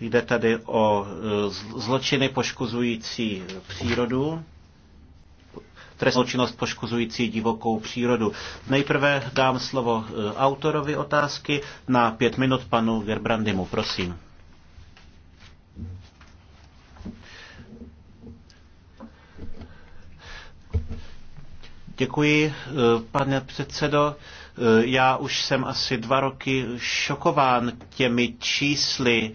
Jde tady o e, zločiny poškozující přírodu, trestnou činnost poškozující divokou přírodu. Nejprve dám slovo e, autorovi otázky na pět minut panu Gerbrandimu, prosím. Děkuji, e, pane předsedo. Já už jsem asi dva roky šokován těmi čísly,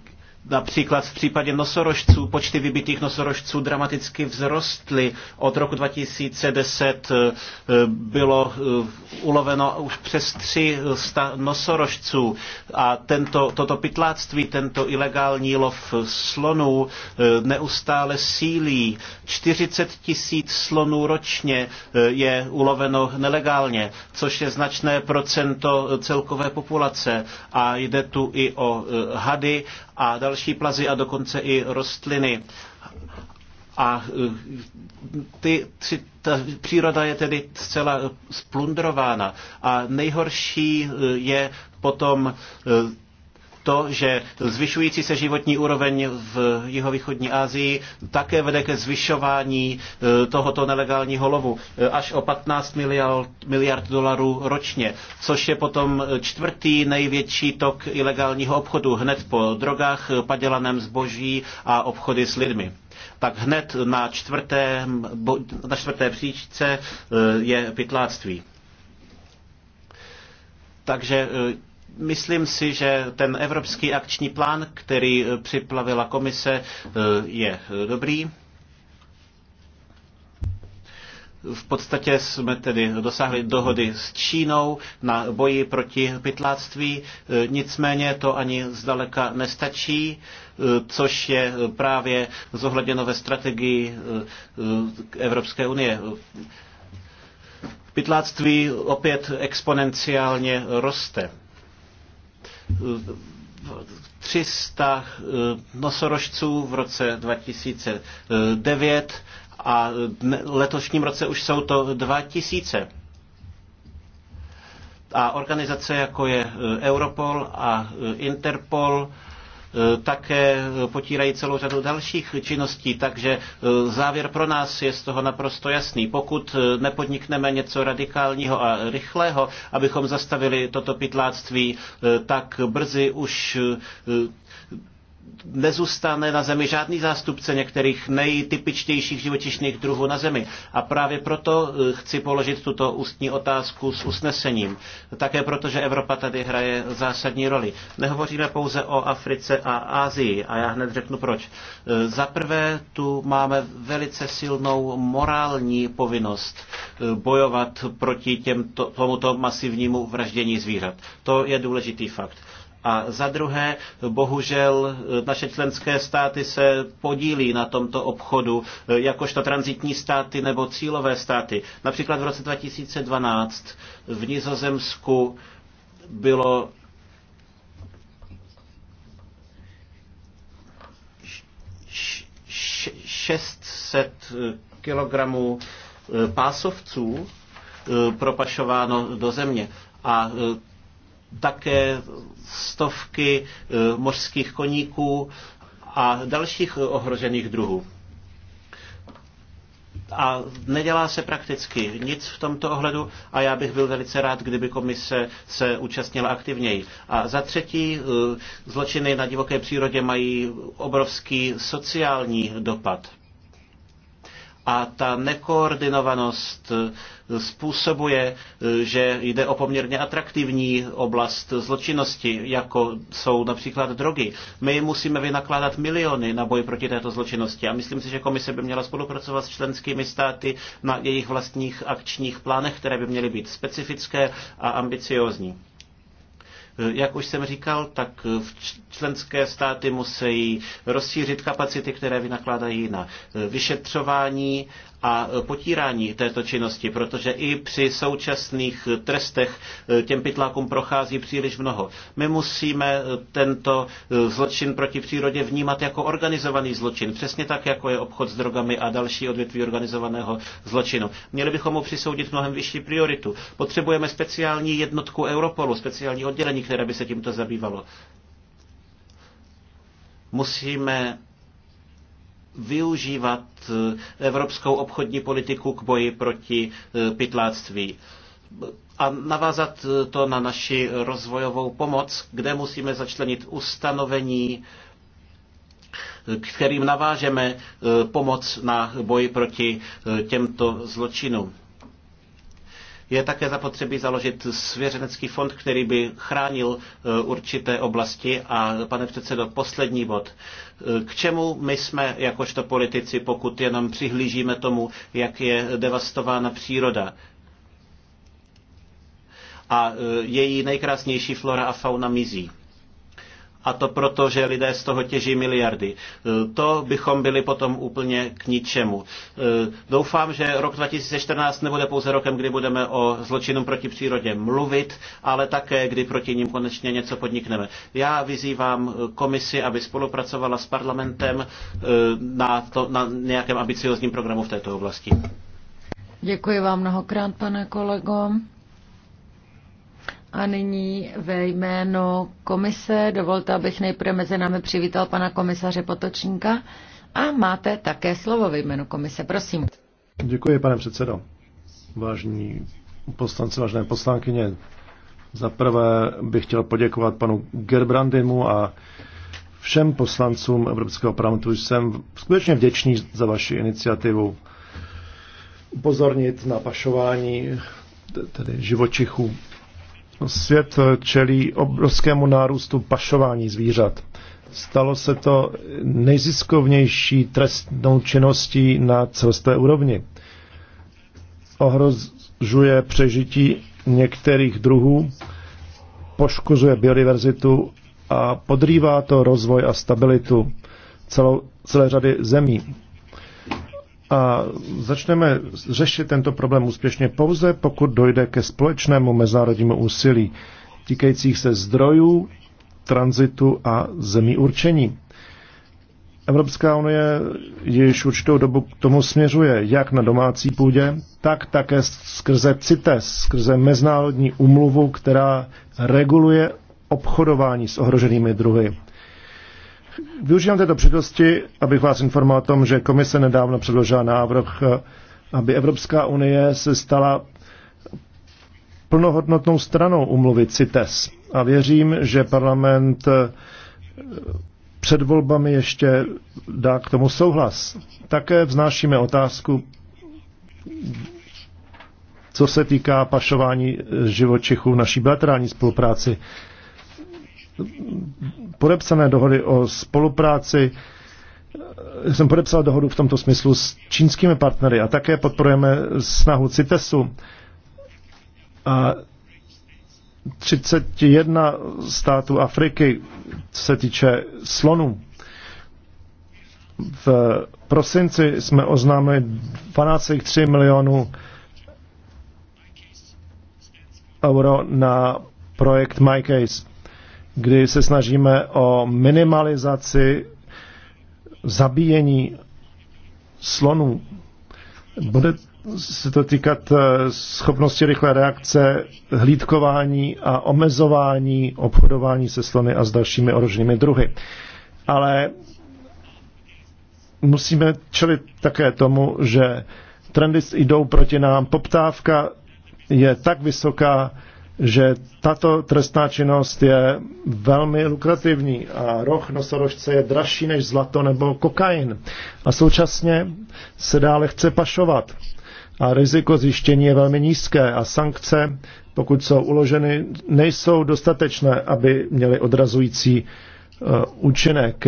Například v případě nosorožců, počty vybitých nosorožců dramaticky vzrostly. Od roku 2010 eh, bylo eh, uloveno už přes 300 nosorožců a tento, toto pytláctví, tento ilegální lov slonů eh, neustále sílí. 40 tisíc slonů ročně je uloveno nelegálně, což je značné procento celkové populace a jde tu i o hady a další plazy a dokonce i rostliny. A eh, ty, ty, ta příroda je tedy zcela splundrována. A nejhorší eh, je potom eh, to, že zvyšující se životní úroveň v jihovýchodní Asii také vede ke zvyšování e, tohoto nelegálního lovu e, až o 15 miliard, miliard dolarů ročně, což je potom čtvrtý největší tok ilegálního obchodu hned po drogách, padělaném zboží a obchody s lidmi tak hned na, čtvrté, na čtvrté příčce e, je pytláctví. Takže Myslím si, že ten evropský akční plán, který eh, připlavila komise, eh, je eh, dobrý. V podstatě jsme tedy dosáhli dohody s Čínou na boji proti pytláctví, nicméně to ani zdaleka nestačí, což je právě zohledněno ve strategii Evropské unie. Pytláctví opět exponenciálně roste. 300 eh, nosorožců v roce 2009 a letošním roce už jsou to 2000. A organizace jako je eh, Europol a eh, Interpol Eh, také eh, potírají celou řadu dalších činností, takže eh, závěr pro nás je z toho naprosto jasný. Pokud nepodnikneme něco radikálního a rychlého, abychom zastavili toto pytláctví, tak brzy už nezůstane na zemi žádný zástupce některých nejtypičtějších živočišných druhů na zemi. A právě proto eh, chci položit tuto ústní otázku s usnesením. Také proto, že Evropa tady hraje zásadní roli. Nehovoříme pouze o Africe a Ázii a já hned řeknu proč. Eh, za prvé tu máme velice silnou morální povinnost eh, bojovat proti těmto, tomuto masivnímu vraždění zvířat. To je důležitý fakt. A za druhé, bohužel naše členské státy se podílí na tomto obchodu, eh, jakožto transitní státy nebo cílové státy. Například v roce 2012 v Nizozemsku bylo 600 eh, kilogramů eh, pásovců propašováno do země. A také stovky eh, mořských koníků a dalších ohrožených druhů. A nedělá se prakticky nic v tomto ohledu a já bych byl velice rád, kdyby komise se účastnila aktivněji. A za třetí, eh, zločiny na divoké přírodě mají obrovský sociální dopad a ta nekoordinovanost způsobuje, že jde o poměrně atraktivní oblast zločinnosti, jako jsou například drogy. My musíme vynakládat miliony na boj proti této zločinnosti a myslím si, že komise by měla spolupracovat s členskými státy na jejich vlastních akčních plánech, které by měly být specifické a ambiciózní. Eh, jak už jsem říkal, tak eh, členské státy musí rozšířit kapacity, které vynakládají na eh, vyšetřování a potírání této činnosti, protože i při současných trestech eh, těm pytlákům prochází příliš mnoho. My musíme eh, tento eh, zločin proti přírodě vnímat jako organizovaný zločin, přesně tak, jako je obchod s drogami a další odvětví organizovaného zločinu. Měli bychom mu přisoudit mnohem vyšší prioritu. Potřebujeme speciální jednotku Europolu, speciální oddělení, které by se tímto zabývalo. Musíme využívat eh, evropskou obchodní politiku k boji proti eh, pytláctví a navázat eh, to na naši rozvojovou pomoc, kde musíme začlenit ustanovení, kterým navážeme pomoc na boji proti těmto zločinům. Je také zapotřebí založit svěřenecký fond, který by chránil eh, určité oblasti. A pane předsedo, poslední bod. Eh, k čemu my jsme jakožto politici, pokud jenom přihlížíme tomu, jak je devastována příroda? A eh, její nejkrásnější flora a fauna mizí. A to proto, že lidé z toho těží miliardy. E, to bychom byli potom úplně k ničemu. E, doufám, že rok 2014 nebude pouze rokem, kdy budeme o zločinu proti přírodě mluvit, ale také, kdy proti ním konečně něco podnikneme. Já vyzývám e, komisi, aby spolupracovala s parlamentem na, to, na nějakém ambiciozním programu v této oblasti. Děkuji vám mnohokrát, pane kolego. A nyní ve jméno komise dovolte, abych nejprve mezi námi přivítal pana komisaře Potočníka a máte také slovo ve jménu komise, prosím. Děkuji, pane předsedo. Vážní poslanci, vážné poslankyně, za prvé bych chtěl poděkovat panu Gerbrandimu a všem poslancům Evropského parlamentu. Jsem skutečně vděčný za vaši iniciativu upozornit na pašování tedy živočichů Svět eh, čelí obrovskému nárůstu pašování zvířat. Stalo se to nejziskovnější trestnou činností na celosté úrovni. Ohrožuje přežití některých druhů, poškozuje biodiverzitu a podrývá to rozvoj a stabilitu celou, celé řady zemí a začneme řešit tento problém úspěšně pouze, pokud dojde ke společnému mezinárodnímu úsilí týkajících se zdrojů, tranzitu a zemí určení. Evropská unie již určitou dobu k tomu směřuje, jak na domácí půdě, tak také skrze CITES, skrze mezinárodní umluvu, která reguluje obchodování s ohroženými druhy. Využívám této příležitosti, abych vás informoval o tom, že komise nedávno předložila návrh, aby Evropská unie se stala plnohodnotnou stranou umluvy CITES. A věřím, že parlament před volbami ještě dá k tomu souhlas. Také vznášíme otázku, co se týká pašování živočichů v naší bilaterální spolupráci podepsané dohody o spolupráci. Jsem podepsal dohodu v tomto smyslu s čínskými partnery a také podporujeme snahu CITESu. A 31 států Afriky, co se týče slonů. V prosinci jsme oznámili 12,3 milionů euro na projekt MyCase kdy se snažíme o minimalizaci zabíjení slonů. Bude se to týkat eh, schopnosti rychlé reakce, hlídkování a omezování obchodování se slony a s dalšími ohroženými druhy. Ale musíme čelit také tomu, že trendy jdou proti nám. Poptávka je tak vysoká, že tato trestná činnost je velmi lukrativní a roh nosorožce je dražší než zlato nebo kokain. A současně se dá lehce pašovat. A riziko zjištění je velmi nízké a sankce, pokud jsou uloženy, nejsou dostatečné, aby měly odrazující uh, účinek.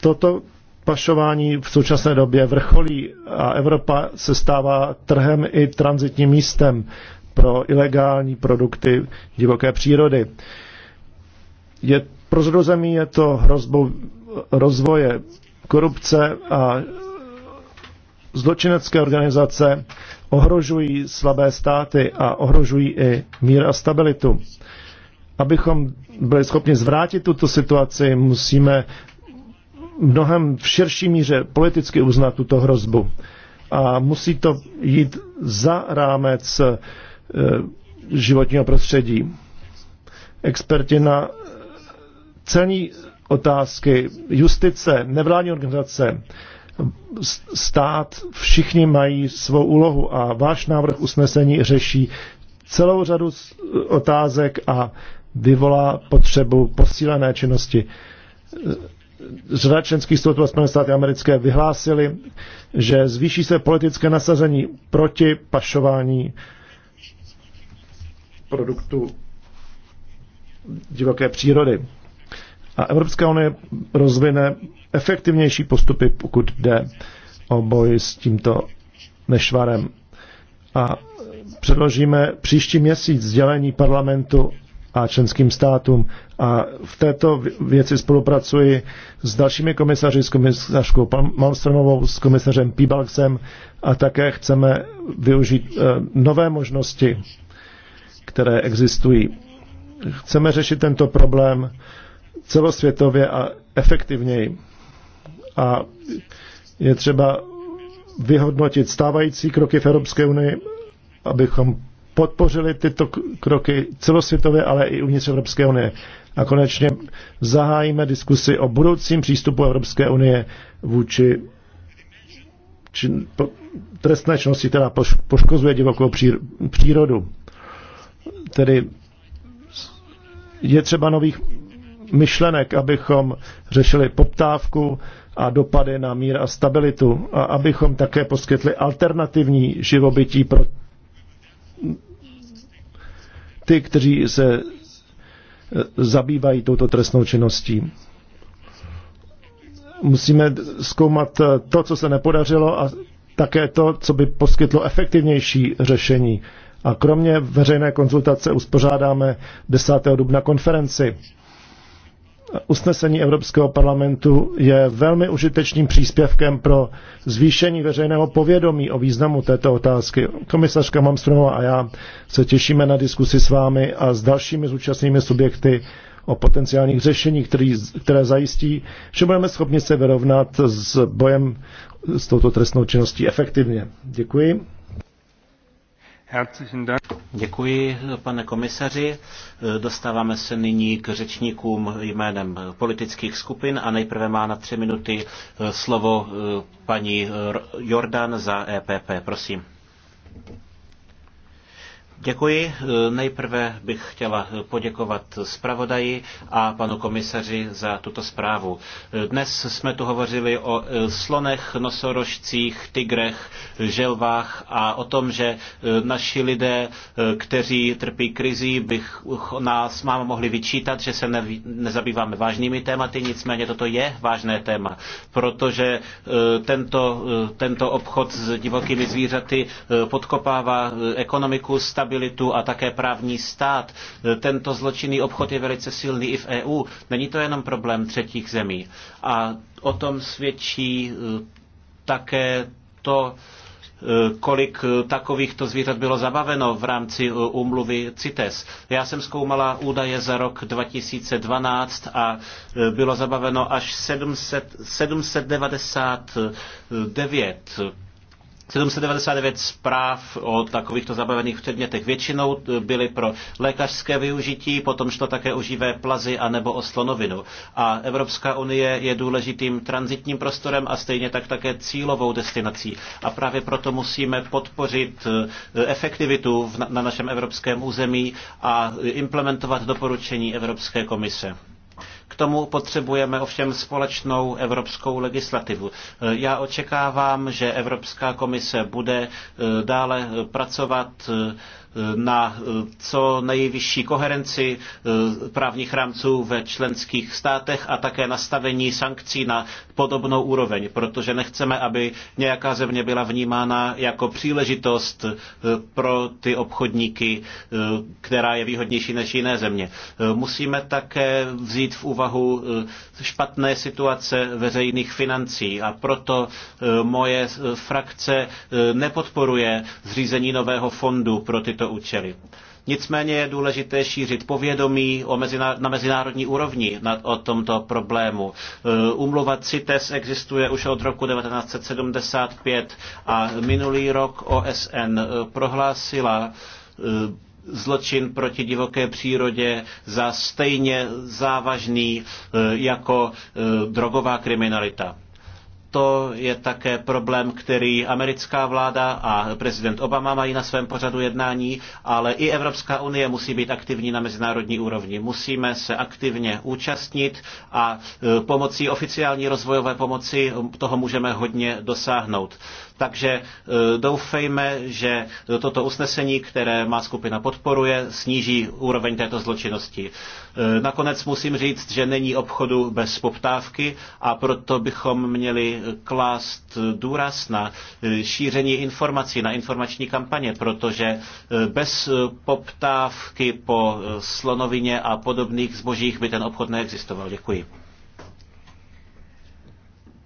Toto pašování v současné době vrcholí a Evropa se stává trhem i transitním místem pro ilegální produkty divoké přírody. Je, pro zrozemí je to hrozbou rozvoje korupce a zločinecké organizace ohrožují slabé státy a ohrožují i mír a stabilitu. Abychom byli schopni zvrátit tuto situaci, musíme mnohem v širší míře politicky uznat tuto hrozbu. A musí to jít za rámec e, životního prostředí. Experti na e, celní otázky, justice, nevládní organizace, stát, všichni mají svou úlohu a váš návrh usnesení řeší celou řadu otázek a vyvolá potřebu posílené činnosti. E, řada členských států a Spojené státy americké vyhlásili, že zvýší se politické nasazení proti pašování produktů divoké přírody. A Evropská unie rozvine efektivnější postupy, pokud jde o boj s tímto nešvarem. A předložíme příští měsíc sdělení parlamentu a členským státům. A v této věci spolupracuji s dalšími komisaři, s komisařkou Malmstromovou, s komisařem Píbalksem a také chceme využít eh, nové možnosti, které existují. Chceme řešit tento problém celosvětově a efektivněji. A je třeba vyhodnotit stávající kroky v Evropské unii, abychom podpořili tyto kroky celosvětově, ale i uvnitř Evropské unie. A konečně zahájíme diskusi o budoucím přístupu Evropské unie vůči čin, po, trestné činnosti, která poš, poškozuje divokou přír, přírodu. Tedy je třeba nových myšlenek, abychom řešili poptávku a dopady na mír a stabilitu a abychom také poskytli alternativní živobytí pro ty, kteří se eh, zabývají touto trestnou činností. Musíme zkoumat eh, to, co se nepodařilo a také to, co by poskytlo efektivnější řešení. A kromě veřejné konzultace uspořádáme 10. dubna konferenci usnesení Evropského parlamentu je velmi užitečným příspěvkem pro zvýšení veřejného povědomí o významu této otázky. Komisařka Mamstrumová a já se těšíme na diskusi s vámi a s dalšími zúčastnými subjekty o potenciálních řešení, který, které zajistí, že budeme schopni se vyrovnat s bojem s touto trestnou činností efektivně. Děkuji. Děkuji, pane komisaři. Dostáváme se nyní k řečníkům jménem politických skupin a nejprve má na tři minuty eh, slovo eh, paní Jordan za EPP. Prosím. Děkuji. Nejprve bych chtěla poděkovat zpravodaji a panu komisaři za tuto zprávu. Dnes jsme tu hovořili o e, slonech, nosorožcích, tigrech, želvách a o tom, že e, naši lidé, e, kteří trpí krizí, bych nás máme mohli vyčítat, že se ne, nezabýváme vážnými tématy, nicméně toto je vážné téma, protože tento, tento obchod s divokými zvířaty podkopává ekonomiku, stabilitu a také právní stát. Tento zločinný obchod je velice silný i v EU. Není to jenom problém třetích zemí. A o tom svědčí eh, také to, eh, kolik eh, takovýchto zvířat bylo zabaveno v rámci úmluvy CITES. Já jsem zkoumala údaje za rok 2012 a bylo zabaveno až 700, 799 799 zpráv o takovýchto zabavených předmětech. Většinou byly pro lékařské využití, potom šlo také o živé plazy a nebo o slonovinu. A Evropská unie je důležitým transitním prostorem a stejně tak také cílovou destinací. A právě proto musíme podpořit eh, efektivitu na našem evropském území a implementovat doporučení Evropské komise. K tomu potřebujeme ovšem společnou evropskou legislativu. E, já očekávám, že Evropská komise bude e, dále pracovat e, Eh, na eh, co nejvyšší koherenci eh, právních rámců ve členských státech a také nastavení sankcí na podobnou úroveň, protože nechceme, aby nějaká země byla vnímána jako příležitost pro ty obchodníky, která je výhodnější než jiné země. Musíme také vzít v úvahu špatné situace veřejných financí a proto moje frakce nepodporuje zřízení nového fondu pro tyto tyto účely. Nicméně je důležité šířit povědomí mezinárodní, na mezinárodní úrovni nad, o tomto problému. Umluva e, CITES existuje už od roku 1975 a minulý rok OSN e, prohlásila e, zločin proti divoké přírodě za stejně závažný jako drogová kriminalita to je také problém, který americká vláda a prezident Obama mají na svém pořadu jednání, ale i Evropská unie musí být aktivní na mezinárodní úrovni. Musíme se aktivně účastnit a e, pomocí oficiální rozvojové pomoci toho můžeme hodně dosáhnout. Takže e, doufejme, že toto usnesení, které má skupina podporuje, sníží úroveň této zločinnosti. E, nakonec musím říct, že není obchodu bez poptávky a proto bychom měli klást důraz na e, šíření informací, na informační kampaně, protože bez poptávky po slonovině a podobných zbožích by ten obchod neexistoval. Děkuji.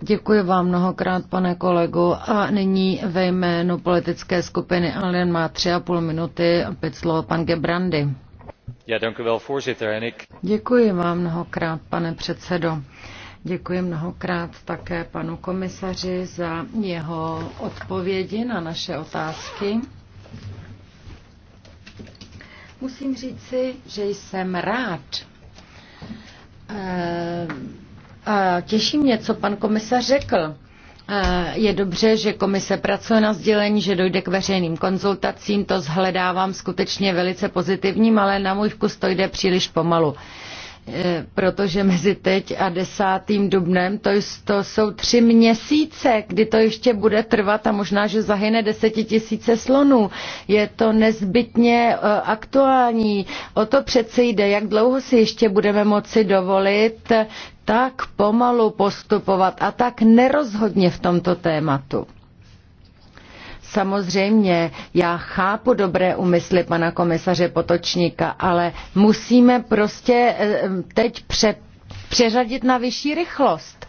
Děkuji vám mnohokrát, pane kolego. A nyní ve jménu politické skupiny Alien má tři a půl minuty opět slovo pan Gebrandy. Děkuji vám mnohokrát, pane předsedo. Děkuji mnohokrát také panu komisaři za jeho odpovědi na naše otázky. Musím říci, že jsem rád. Ehm Těší mě, co pan komisař řekl. Je dobře, že komise pracuje na sdělení, že dojde k veřejným konzultacím, to zhledávám skutečně velice pozitivním, ale na můj vkus to jde příliš pomalu. E, protože mezi teď a 10. dubnem to, to jsou tři měsíce, kdy to ještě bude trvat a možná, že zahyne desetitisíce slonů. Je to nezbytně e, aktuální. O to přece jde, jak dlouho si ještě budeme moci dovolit e, tak pomalu postupovat a tak nerozhodně v tomto tématu. Samozřejmě, já chápu dobré úmysly pana komisaře Potočníka, ale musíme prostě eh, teď pře- přeřadit na vyšší rychlost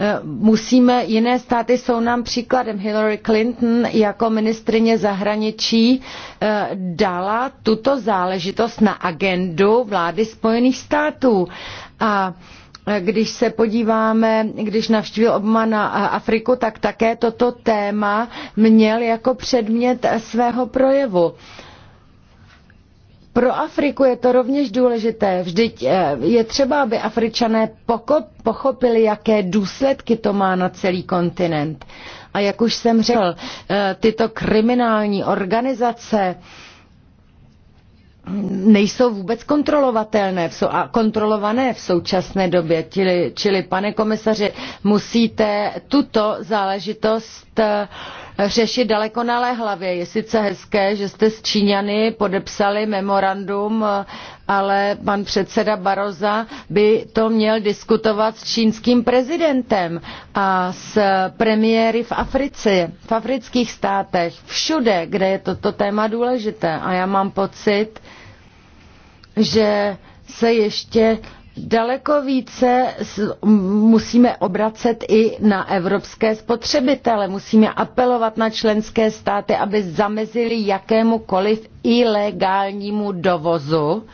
eh, musíme, jiné státy jsou nám příkladem. Hillary Clinton jako ministrině zahraničí eh, dala tuto záležitost na agendu vlády Spojených států. A když se podíváme, když navštívil na eh, Afriku, tak také toto téma měl jako předmět svého projevu. Pro Afriku je to rovněž důležité. Vždyť eh, je třeba, aby Afričané pochopili, jaké důsledky to má na celý kontinent. A jak už jsem řekl, eh, tyto kriminální organizace, nejsou vůbec kontrolovatelné a kontrolované v současné době. Čili, čili, pane komisaři, musíte tuto záležitost eh, řešit daleko na hlavě. Je sice hezké, že jste s Číňany podepsali memorandum, eh, ale pan předseda Baroza by to měl diskutovat s čínským prezidentem a s premiéry v Africe, v afrických státech, všude, kde je toto téma důležité. A já mám pocit, že se ještě daleko více musíme obracet i na evropské spotřebitele. Musíme apelovat na členské státy, aby zamezili jakémukoliv ilegálnímu dovozu.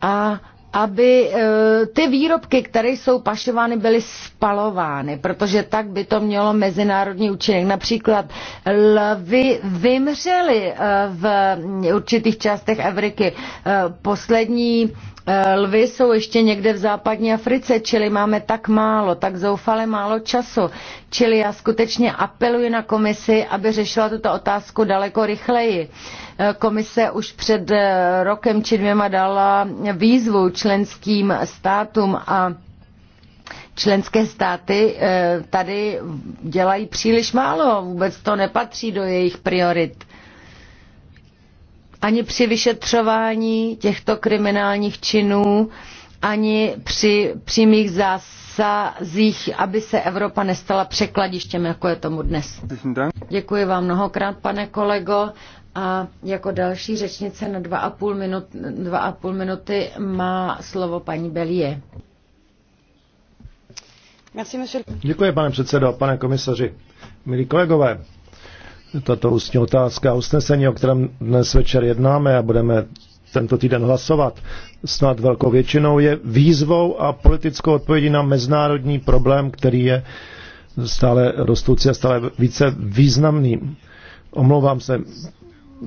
A aby eh, ty výrobky, které jsou pašovány, byly spalovány, protože tak by to mělo mezinárodní účinek. Například lvy vymřely eh, v určitých částech Afriky. Eh, poslední lvy jsou ještě někde v západní Africe, čili máme tak málo, tak zoufale málo času. Čili já skutečně apeluji na komisi, aby řešila tuto otázku daleko rychleji Komise už před eh, rokem či dvěma dala výzvu členským státům a členské státy eh, tady dělají příliš málo, vůbec to nepatří do jejich priorit. Ani při vyšetřování těchto kriminálních činů, ani při přímých zásazích, aby se Evropa nestala překladištěm, jako je tomu dnes. Děkuji vám mnohokrát, pane kolego. A jako další řečnice na půl, minut, dva a půl minuty má slovo paní Belie. Děkuji, pane předsedo, pane komisaři, milí kolegové. Tato ústní otázka a usnesení, o kterém dnes večer jednáme a budeme tento týden hlasovat, snad velkou většinou je výzvou a politickou odpovědí na mezinárodní problém, který je stále rostoucí a stále více významný. Omlouvám se,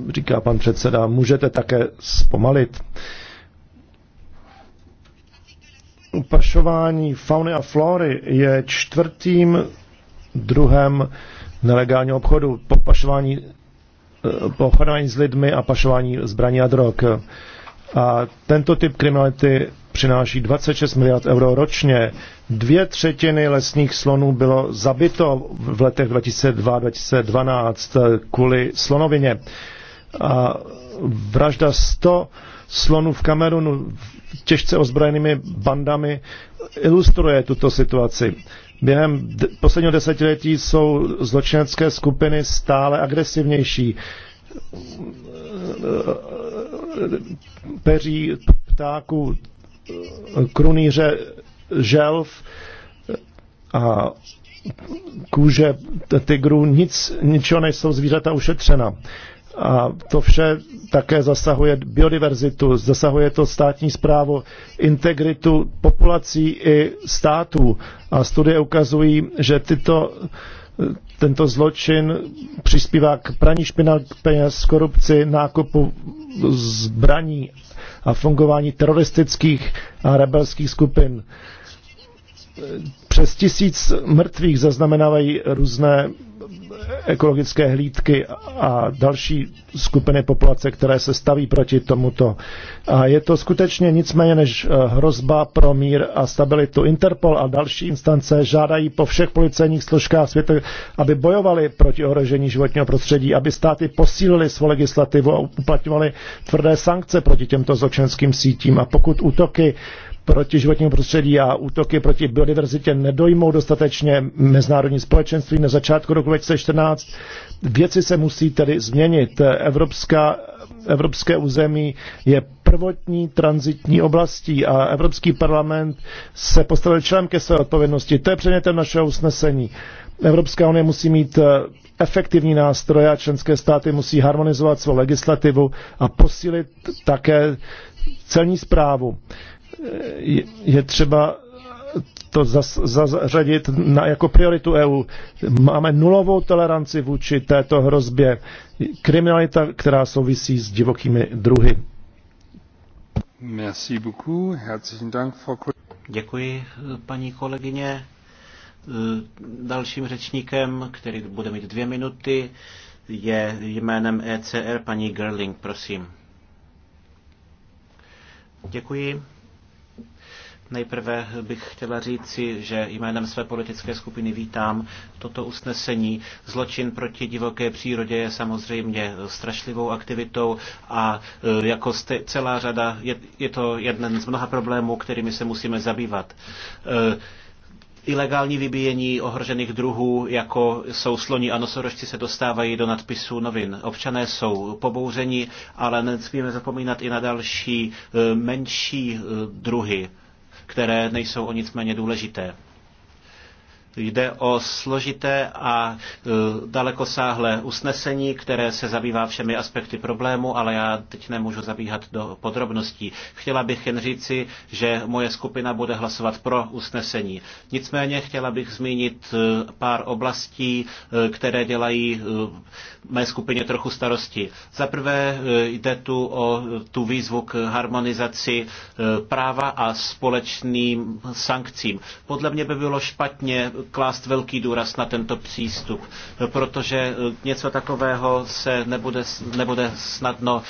říká pan předseda, můžete také zpomalit. Upašování fauny a flory je čtvrtým druhem nelegálního obchodu po pašování eh, po s lidmi a pašování zbraní a drog. A tento typ kriminality přináší 26 miliard euro ročně. Dvě třetiny lesních slonů bylo zabito v letech 2002-2012 eh, kvůli slonovině a vražda 100 slonů v Kamerunu těžce ozbrojenými bandami ilustruje tuto situaci. Během posledního desetiletí jsou zločinecké skupiny stále agresivnější. Peří ptáků, krunýře, želv a kůže tygrů, nic, ničeho nejsou zvířata ušetřena. A to vše také zasahuje biodiverzitu, zasahuje to státní zprávu, integritu populací i států. A studie ukazují, že tyto, tento zločin přispívá k praní špinavých peněz, korupci, nákupu zbraní a fungování teroristických a rebelských skupin. Přes tisíc mrtvých zaznamenávají různé ekologické hlídky a další skupiny populace, které se staví proti tomuto. A je to skutečně nicméně než eh, hrozba pro mír a stabilitu. Interpol a další instance žádají po všech policejních složkách světa, aby bojovali proti ohrožení životního prostředí, aby státy posílili svou legislativu a uplatňovali tvrdé sankce proti těmto zločenským sítím. A pokud útoky proti životnímu prostředí a útoky proti biodiverzitě nedojmou dostatečně mezinárodní společenství na začátku roku 2014. Věci se musí tedy změnit. Evropská, evropské území je prvotní transitní oblastí a Evropský parlament se postavil člen ke své odpovědnosti. To je předmětem našeho usnesení. Evropská unie musí mít eh, efektivní nástroje a členské státy musí harmonizovat svou legislativu a posílit také celní zprávu je třeba to zařadit na, jako prioritu EU. Máme nulovou toleranci vůči této hrozbě. Kriminalita, která souvisí s divokými druhy. Merci beaucoup. Děkuji, paní kolegyně. Dalším řečníkem, který bude mít dvě minuty, je jménem ECR paní Gerling, prosím. Děkuji. Nejprve bych chtěla říci, že jménem své politické skupiny vítám toto usnesení. Zločin proti divoké přírodě je samozřejmě strašlivou aktivitou a e, jako celá řada je, je to jeden z mnoha problémů, kterými se musíme zabývat e, ilegální vybíjení ohrožených druhů, jako jsou sloni a nosorožci, se dostávají do nadpisů novin. Občané jsou pobouřeni, ale nesmíme zapomínat i na další e, menší druhy které nejsou o nic méně důležité. Jde o složité a e, dalekosáhlé usnesení, které se zabývá všemi aspekty problému, ale já teď nemůžu zabíhat do podrobností. Chtěla bych jen říci, že moje skupina bude hlasovat pro usnesení. Nicméně chtěla bych zmínit e, pár oblastí, e, které dělají mé skupině trochu starosti. Za prvé jde tu o tu výzvu k harmonizaci práva a společným sankcím. Podle mě by bylo špatně klást velký důraz na tento přístup, protože e, něco takového se nebude, nebude snadno